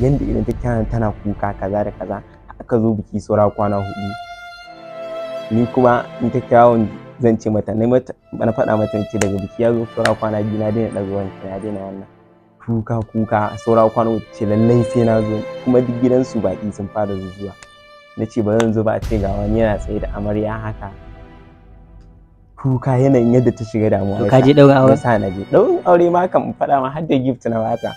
yanda idan take tana kuka kaza da kaza aka zo biki saura kwana hudu ni kuma in ta kyawun zan ce mata mata na faɗa mata ce daga biki ya zo saura kwana biyu na daina ɗaga wanki na daina wannan kuka kuka saura kwana hudu ce lallai sai na zo kuma duk gidansu baƙi sun fara zuzuwa na ce ba zan zo ba a ce ga wani yana tsaye da amarya haka kuka yanayin yadda ta shiga damuwa ka je ɗaurin aure na sa na je ɗaurin aure ma kan faɗa ma har da gift na bata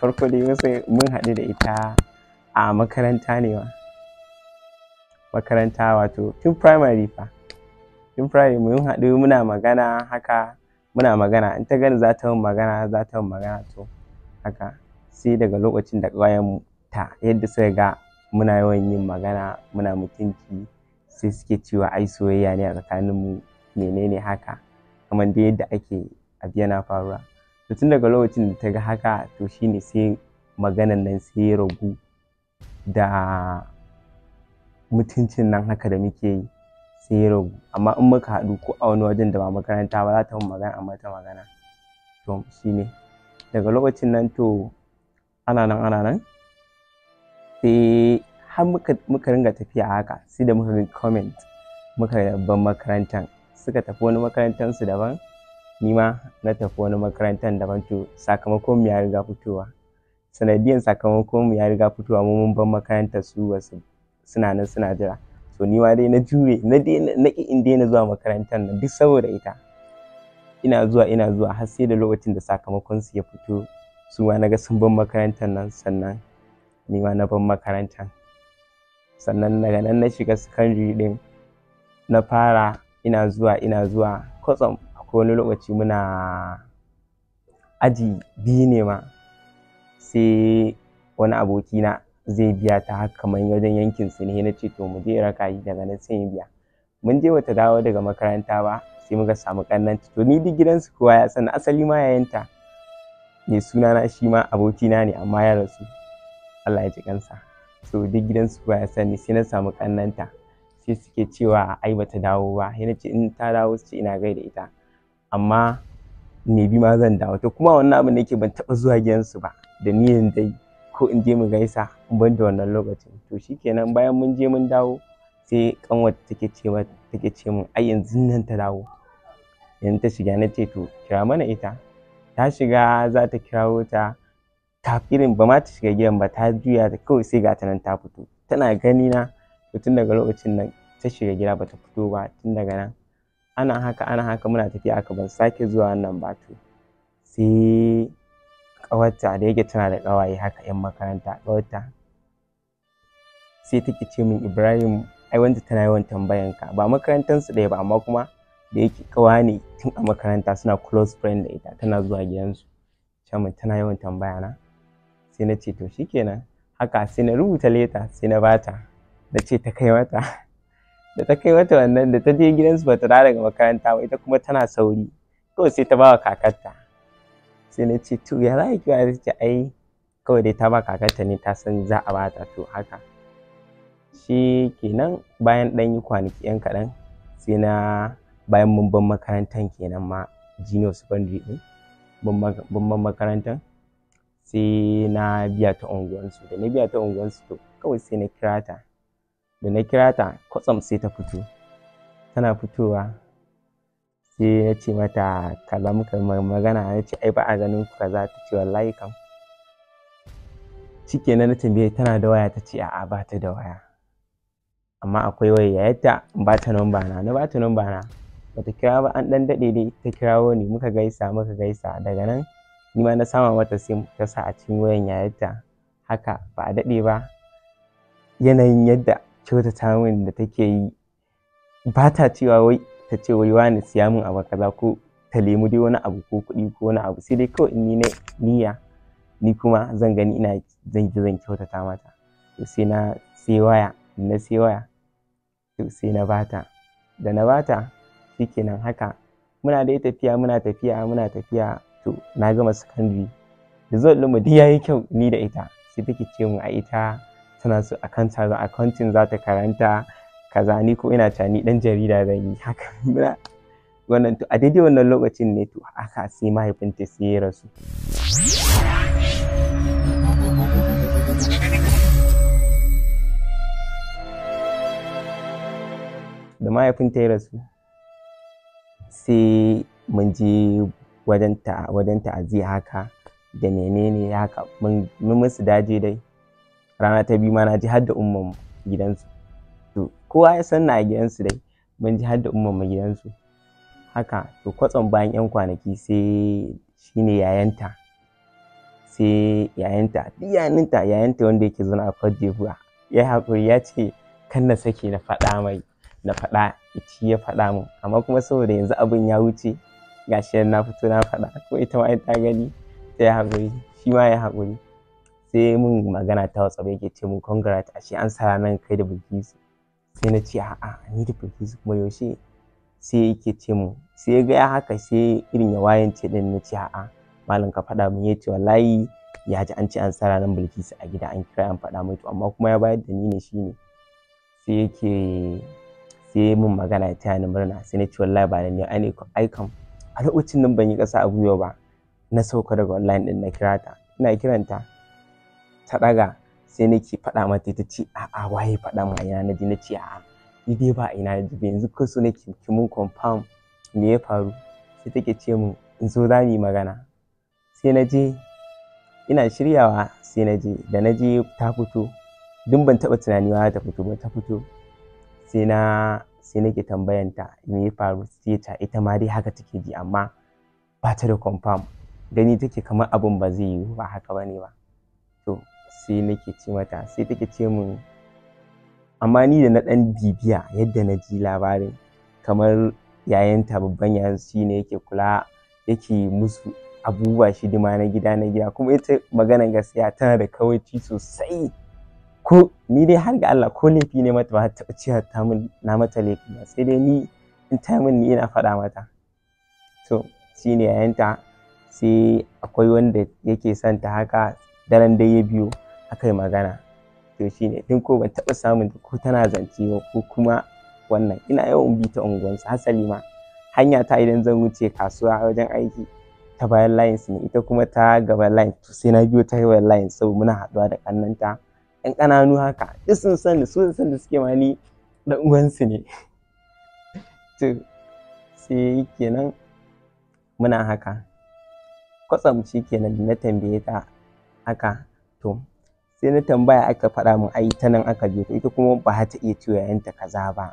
farko dai mun haɗu da ita a makaranta ne wa makaranta wato tun primary fa tun primary mun haɗu muna magana haka muna magana in ta gani za ta yi magana za ta yi magana to haka sai daga lokacin da ƙwayan ta yadda suka ga muna yawan yin magana muna mutunci sai suke cewa ai soyayya ne a tsakaninmu menene haka kamar dai yadda ake abu yana faruwa to tun daga lokacin da ta ga haka to shine sai maganan nan sai ya ragu da mutuncin nan haka da muke yi sai ya ragu amma in muka haɗu ko a wani wajen da ba makaranta ba za ta mun magana amma ta magana to shine daga lokacin nan to ana nan ana nan sai har muka, muka ringa tafiya haka sai da muka comment muka ban makarantan suka tafi wani makarantar su daban ni ma na tafi wani makarantar daban to sakamakon mu ya riga fitowa sanadiyan sakamakon mu ya riga fitowa mu mun bar makarantar su wasu suna nan suna jira to ni ma dai na jure na dai na ki in daina zuwa makarantar nan duk saboda ita ina zuwa ina zuwa har sai da lokacin da sakamakon su ya fito su ma naga sun bar makarantar nan sannan ni ma na bar makarantar sannan daga nan na shiga secondary din na fara ina zuwa ina zuwa kwatsam ko wani lokaci muna aji biyu ne ma sai wani abokina zai biya ta har kamar wajen yankin su ne na ce to mu je raka shi daga nan sai biya mun je bata dawo daga makaranta ba sai muka samu kannanci to ni duk gidansu kowa ya san asali ma yayanta suna na shi ma abokina ne amma ya rasu Allah ya ji kansa so duk gidansu kowa ya ni sai na samu kannanta sai suke cewa ai bata dawo ba yana ce in ta dawo su ce ina gaida ita amma me bi ma zan dawo to kuma wannan abin da yake ban taɓa zuwa gidansu ba da niyan dai ko in je mu gaisa in ban da wannan lokacin to shi kenan bayan mun je mun dawo sai kanwar take cewa take ce min ai yanzu nan ta dawo yanzu ta shiga na ce to kira mana ita ta shiga za ta kirawo ta ta irin ba ma ta shiga gidan ba ta juya ta kawai sai ga ta nan ta fito tana ganina na tun daga lokacin nan ta shiga gida ba ta fito ba tun daga nan ana haka ana haka muna tafiya haka ban sake zuwa wannan batu sai ƙawarta da yake tana da ƙawaye haka 'yan makaranta ƙawarta sai take ce min ibrahim ai wanda tana yawan tambayan ka ba makarantansu ɗaya ba amma kuma da yake kawa ne tun a makaranta suna close friend da ita tana zuwa gidansu ce tana yawan tambaya na sai na ce to shikenan haka sai na rubuta leta sai na bata na ce ta kai mata da ta kai wata wannan da ta je gidansu ba ta dawo daga makaranta ba ita kuma tana sauri kawai sai ta ba wa kakarta sai na ce to ya za ki ta ai kawai dai ta ba kakarta ne ta san za a bata to haka shi kenan bayan ɗan yi kwanaki yan kaɗan sai na bayan mun ban makarantan kenan ma junior secondary ɗin ban makarantan. sai na biya ta unguwansu da na biya ta unguwansu to kawai sai na kira ta da na kira ta kwatsam sai ta fito tana fitowa sai na ce mata kaza muka magana na ce ai ba a ganin ku kaza ta ce wallahi kam shikenan na tambaye tana da waya ta ce a'a ba ta da waya amma akwai waya in ba ta nomba na na ba ta na bata kira ba an dan dade dai ta kirawo ni muka gaisa muka gaisa daga nan ni ma na sama mata sim ta sa a cikin wayan ta haka ba a dade ba yanayin yadda kyautata min da take yi ba ta cewa wai ta ce wai wani siya min abu kaza ko ta lemu dai wani abu ko kuɗi ko wani abu sai dai kawai in ni ne niyya ni kuma zan gani ina zan zan kyautata mata to sai na sai waya na sai waya to sai na bata da na bata shikenan haka muna dai tafiya muna tafiya muna tafiya to na gama secondary result ɗinmu duk yayi kyau ni da ita sai take ce mu a ita tana so a accounting za ta karanta kaza ni ko ina cani dan jarida zan yi haka wannan to a daidai wannan lokacin ne to haka sai mahaifinta sai ya rasu da mahaifinta ya rasu sai mun je wajen ta'aziyya haka da menene haka mun musu daji dai rana ta biyu ma na ji har da umman gidansu to kowa ya san na a gidansu dai mun ji har da umman ma gidansu haka to kwatsam bayan yan kwanaki sai shine yayanta sai yayanta yayaninta yayanta wanda yake zaune a Cote d'Ivoire ya hakuri ya ce kan na sake na faɗa mai na faɗa shi ya faɗa min amma kuma saboda yanzu abin ya wuce gashi na fito na faɗa ko ita ma ta gani ta ya hakuri, shi ma ya hakuri. sai mun magana ta WhatsApp yake ce mun congrat ashe an sa nan kai da Bilkisu sai na ce a'a ni da Bilkisu kuma yaushe sai yake ce mun sai ya ga haka sai irin ya wayance din na ce a'a malam ka faɗa mun yace wallahi ya ji an ce an sa ranar Bilkisu a gida an kira an faɗa mai amma kuma ya bayar da ni ne shine sai yake sai mun magana ya taya ni murna sai na ce wallahi ba da ni ai a lokacin nan ban yi ƙasa a gwiwa ba na sauka daga online din na kira ta ina kiranta ta ɗaga sai nake faɗa mata ta ce a'a waye faɗa ma ina na ji na ce a'a ni dai ba ina na ji ba yanzu kai so nake ki mun confirm me ya faru sai take ce mun in zo za mu yi magana sai na je ina shiryawa sai na je da na je ta fito duk ban taɓa tunani ba ta fito ba ta fito sai na sai nake tambayanta me ya faru sai ta ita ma dai haka take ji amma ba ta da confirm gani take kamar abin ba zai yiwu ba haka bane ba to sai nake ce mata sai take ce min amma ni da na ɗan bibiya yadda na ji labarin kamar yayanta babban yayan shi ne yake kula yake musu abubuwa shidima na gida na gida kuma ita maganan gaskiya tana da kawaici sosai ko ni dai har ga Allah ko laifi ne mata ba ta ciya ta min na mata laifi ba sai dai ni in ta min ni ina faɗa mata to shine yayanta sai akwai wanda yake son ta haka daren dai ya biyo aka yi magana to ne tun ko ban taɓa samun ko tana zance ba ko kuma wannan ina yawan bi ta unguwansu hasali ma hanya ta idan zan wuce kasuwa wajen aiki ta bayan lines ne ita kuma ta gaba lines to sai na biyo ta gaban lines saboda muna haɗuwa da ƙannanta yan ƙananu haka duk sun san da sun san suke ma ni dan uwansu ne to sai kenan muna haka kwatsam shi kenan da na tambaye ta haka to sai na tambaya aka faɗa min ai ta nan aka biyo to ita kuma ba ta iya cewa yayanta kaza ba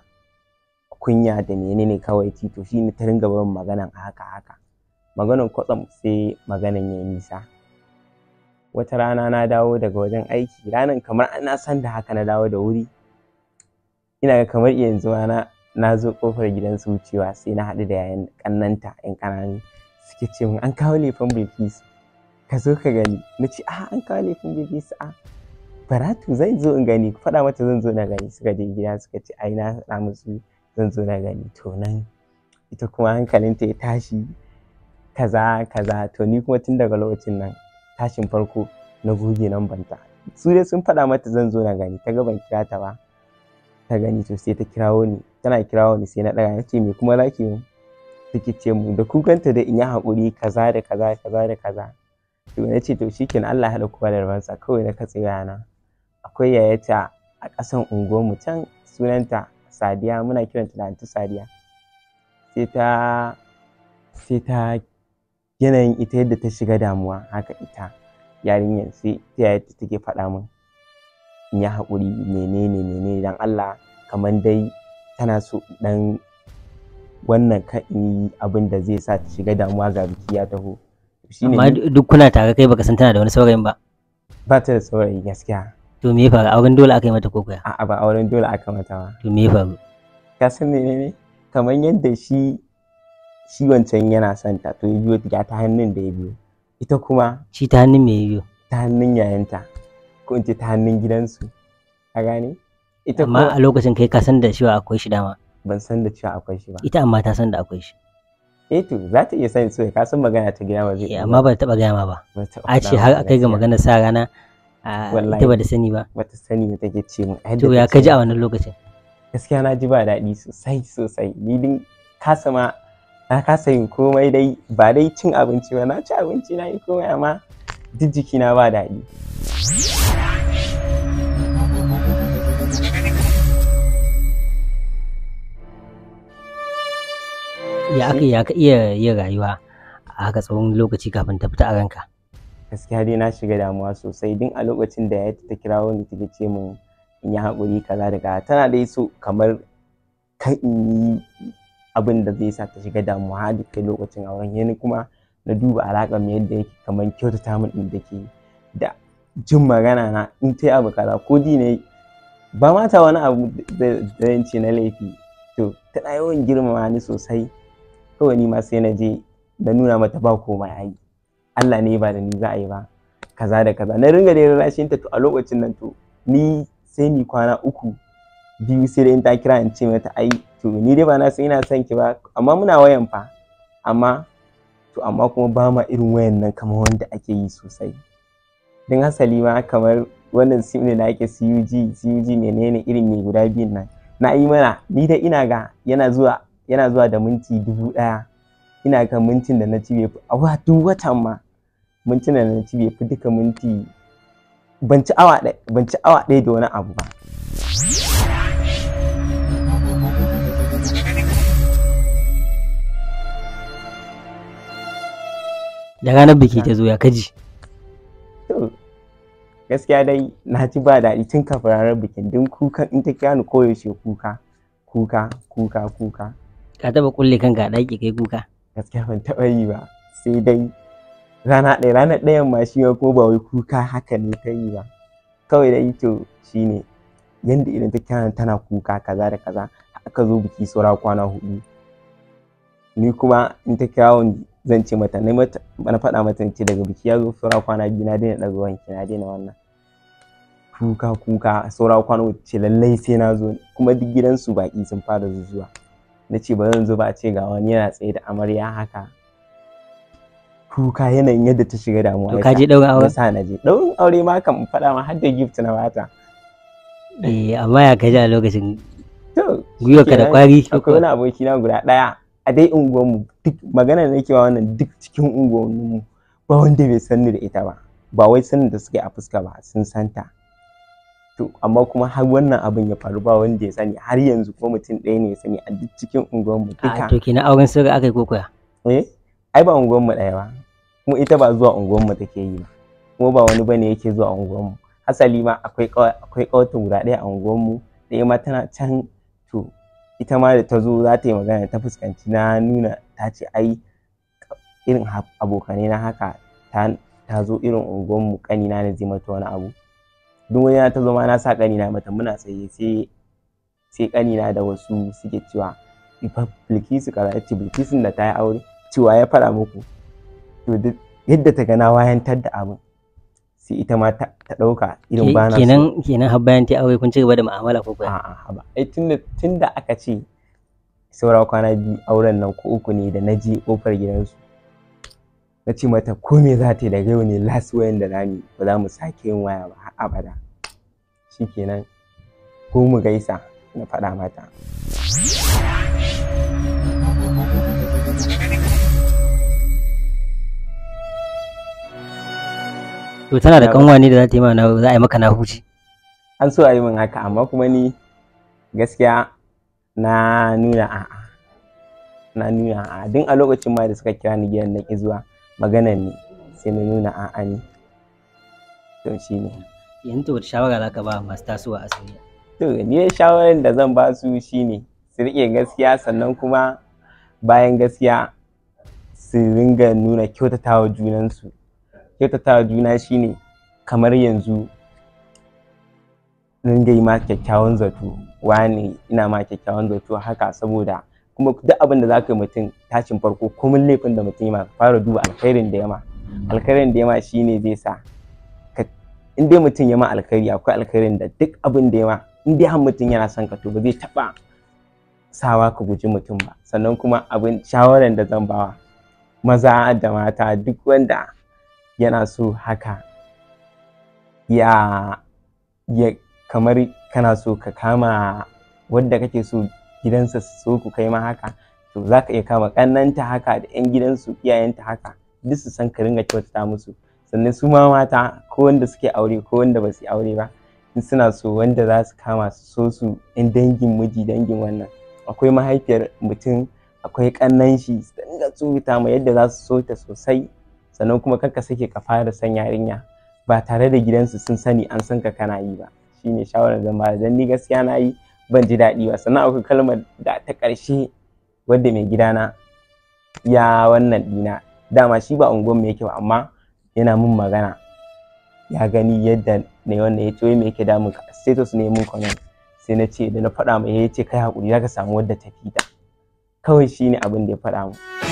kunya da menene kawai tito shi ne ta ringa barin maganan a haka haka maganan kwatsam sai maganan ya nisa wata rana na dawo daga wajen aiki ranan kamar ana san da haka na dawo da wuri ina ga kamar yanzu na na zo kofar gidan su wucewa sai na haɗu da yayan kannanta 'yan ƙananu suke ce an kawo lefan bilkisu ka zo ka gani na ce ah an kawo laifin bebi su a baratu zan zo in gani ku faɗa mata zan zo na gani suka je gida suka ce ai na faɗa musu zan zo na gani to nan ita kuma hankalinta ya tashi kaza kaza to ni kuma tun daga lokacin nan tashin farko na goge nan banta su dai sun faɗa mata zan zo na gani ta ga ban kira ta ba ta gani to sai ta kirawo ni tana kirawo ni sai na ɗaga na ce me kuma zaki mu mu da kukanta da in yi haƙuri kaza da kaza kaza da kaza to na ce to shikenan Allah ya haɗa kowa da rabansa kawai na katse yana akwai yayata a ƙasan unguwarmu can sunanta Sadiya muna kiranta da Anti Sadiya sai ta sai ta yanayin ita yadda ta shiga damuwa haka ita yarinyar sai ta yayata take faɗa min in yi haƙuri menene menene don Allah kamar dai tana so dan wannan kan yi abin da zai sa ta shiga damuwa ga biki ya taho amma duk kuna tare kai baka san tana da wani saurayin ba ba ta da saurayi gaskiya to me ya faru auren dole aka yi mata ko kuya a'a ba auren dole aka mata ba to me ya faru ka san ne ne kamar yadda shi shi wancan yana son ta to ya biyo ta ta hannun da ya biyo ita kuma shi ta hannun me ya biyo ta hannun yayanta ko in ce ta hannun gidansu a gane ita amma a lokacin kai ka san da cewa akwai shi dama ban san da cewa akwai shi ba ita amma ta san da akwai shi eto eh to za ta iya sani soyayya ka san magana ta gaya eh, ma amma ba ta taba gaya ma ba a ce har akai ga magana sa rana ita ba da sani ba ba sani take ce mu. to ya kaji a wannan lokacin gaskiya na ji ba daɗi sosai sosai ni din kasa ma na kasa yin komai dai ba dai cin abinci ba na ci abinci na yi komai amma duk jikina ba daɗi ya aka ya ka iya yin rayuwa a haka tsawon lokaci kafin ta fita a ranka gaskiya dai na shiga damuwa sosai din a lokacin da ya ta kirawo ni ta ce min in yi hakuri kaza da tana dai so kamar ka in yi abin da zai sa ta shiga damuwa har kai lokacin auren yani kuma na duba alaƙar mai yadda yake kamar kyautata min din da ke da jin magana na in ta yi abu kaza ko di ne ba ma wani abu da zan na laifi to tana yawan girmama ni sosai kawai ni ma sai na je na nuna mata ba komai yi Allah ne ba da ni za a yi ba kaza da kaza na ringa da rashin ta to a lokacin nan to ni sai ni kwana uku biyu sai da in ta kira in ce mata ai to ni dai ba na san ina son ki ba amma muna wayan fa amma to amma kuma ba ma irin wayan nan kamar wanda ake yi sosai don hasali ma kamar wannan sim ne na ake CUG CUG menene irin mai guda biyun nan na yi mana ni da ina ga yana zuwa yana zuwa da minti dubu ɗaya ina kan mintin da na ci bai fi awa duk watan ma mintin da na ci bai fi duka minti ban ci awa ɗaya da wani abu ba da ranar biki ta zo ya kaji gaskiya dai na ji ba daɗi tun kafin ranar bikin don kuka in ta kyanu koyaushe kuka kuka kuka kuka ka taba kulle kanka a ɗaki kai kuka gaskiya ban taba yi ba sai dai rana ɗaya rana ɗaya ma shi ma kuma ba wai kuka haka ne ta yi ba kawai dai to shine yanda idan ta kira tana kuka kaza da kaza aka zo biki saura kwana hudu ni kuma in ta kira zan ce mata na mata na faɗa mata ce daga biki ya zo saura kwana biyu na daina ɗaga wanki na daina wannan kuka kuka saura kwana wuce lallai sai na zo kuma duk gidansu baki sun fara zuwa na ce ba zan zo ba a ce ga wani yana tsaye da amarya haka kuka yanayin yadda ta shiga damuwa ya kaje daurin aure sa na je daurin aure ma kan faɗa ma har da gift na mata. eh amma ya kaji a lokacin to gwiwa ka da kwari akwai wani aboki na guda daya a dai unguwar mu duk magana da nake wa wannan duk cikin unguwar mu ba wanda bai san ni da ita ba ba wai sanin da suke a fuska ba sun santa to amma kuma har wannan abin ya faru ba wanda ya sani har yanzu kuma mutum ɗaya ne ya sani a duk cikin unguwar mu duka to kenan auren sirri aka yi ko koya eh ai ba unguwar mu ɗaya ba kuma ita ba zuwa unguwar mu take yi ba kuma ba wani bane yake zuwa unguwar mu hasali ma akwai akwai kawata guda ɗaya a unguwar mu ɗaya ma tana can to ita ma da ta zo za ta yi magana ta fuskanci na nuna ta ce ai irin abokanai na haka ta zo irin unguwar mu kanina ne zai mata wani abu duk wani ta zama na sa na mata muna tsaye sai sai na da wasu suke cewa bilkisu kaza ya ce bilkisun da ta yi aure cewa ya fara muku to yadda ta gana wayantar da abin sai ita ma ta ɗauka irin ba na kenan kenan har bayan ta aure kun ci gaba da mu'amala ko kuwa a'a haba ai tunda tunda aka ce saura kwana biyu auren nan ko uku ne da na je ƙofar gidansu na ce mata ko me za ta yi daga yau ne last wayan da za mu ba za mu sake yin waya ba har abada shikenan ko mu gaisa na faɗa mata To tana da kanwa da za ta yi mana za a yi maka na huce. An so a yi min haka amma kuma ni gaskiya na nuna a'a na nuna a'a din a lokacin ma da suka kira ni gidan na zuwa maganar ne sai na nuna a'a ne to shi ne yanzu wata shawara za ka ba masu tasowa a soyayya to ni shawarar da zan ba su shine su riƙe gaskiya sannan kuma bayan gaskiya su ringa nuna kyautatawa junansu kyautatawa juna shine kamar yanzu ringa yi ma kyakkyawan zato wani ina ma kyakkyawan zato haka saboda kuma duk abin da zaka yi mutum tashin farko kuma laifin da mutum yana fara duba alkhairin da yama alkhairin da yama shine zai sa in dai mutum yama alkhairi akwai alkhairin da duk abin da yama in dai har mutum yana son ka to ba zai taba sawa ka guji mutum ba sannan kuma abin shawarar da zan bawa maza da mata duk wanda yana so haka ya kamar kana so ka kama wanda kake so gidansa su ku kai ma haka to za ka iya kama ƙannanta haka da 'yan gidansu iyayenta haka duk su san ka ringa kyautata musu sannan su ma mata ko wanda suke aure ko wanda ba su aure ba in suna so wanda za su kama su so su in dangin miji dangin wannan akwai mahaifiyar mutum akwai ƙannan shi su dinga tsubuta ma yadda za su so ta sosai sannan kuma kanka sake ka fara san yarinya ba tare da gidansu sun sani an san ka kana yi ba shine shawarar zan ba dan ni gaskiya na yi ban ji daɗi ba sannan akwai kalmar da ta ƙarshe wadda mai gidana ya wannan dina. dama shi ba unguwan mai yake ba amma yana mun magana ya gani yadda na yi wannan ya ce "Wai mai yake damun ka status ne mun kwanan sai na ce da na faɗa mai ya ce kai haƙuri za ka samu wadda ta fita kawai shi ne abin da ya faɗa mu.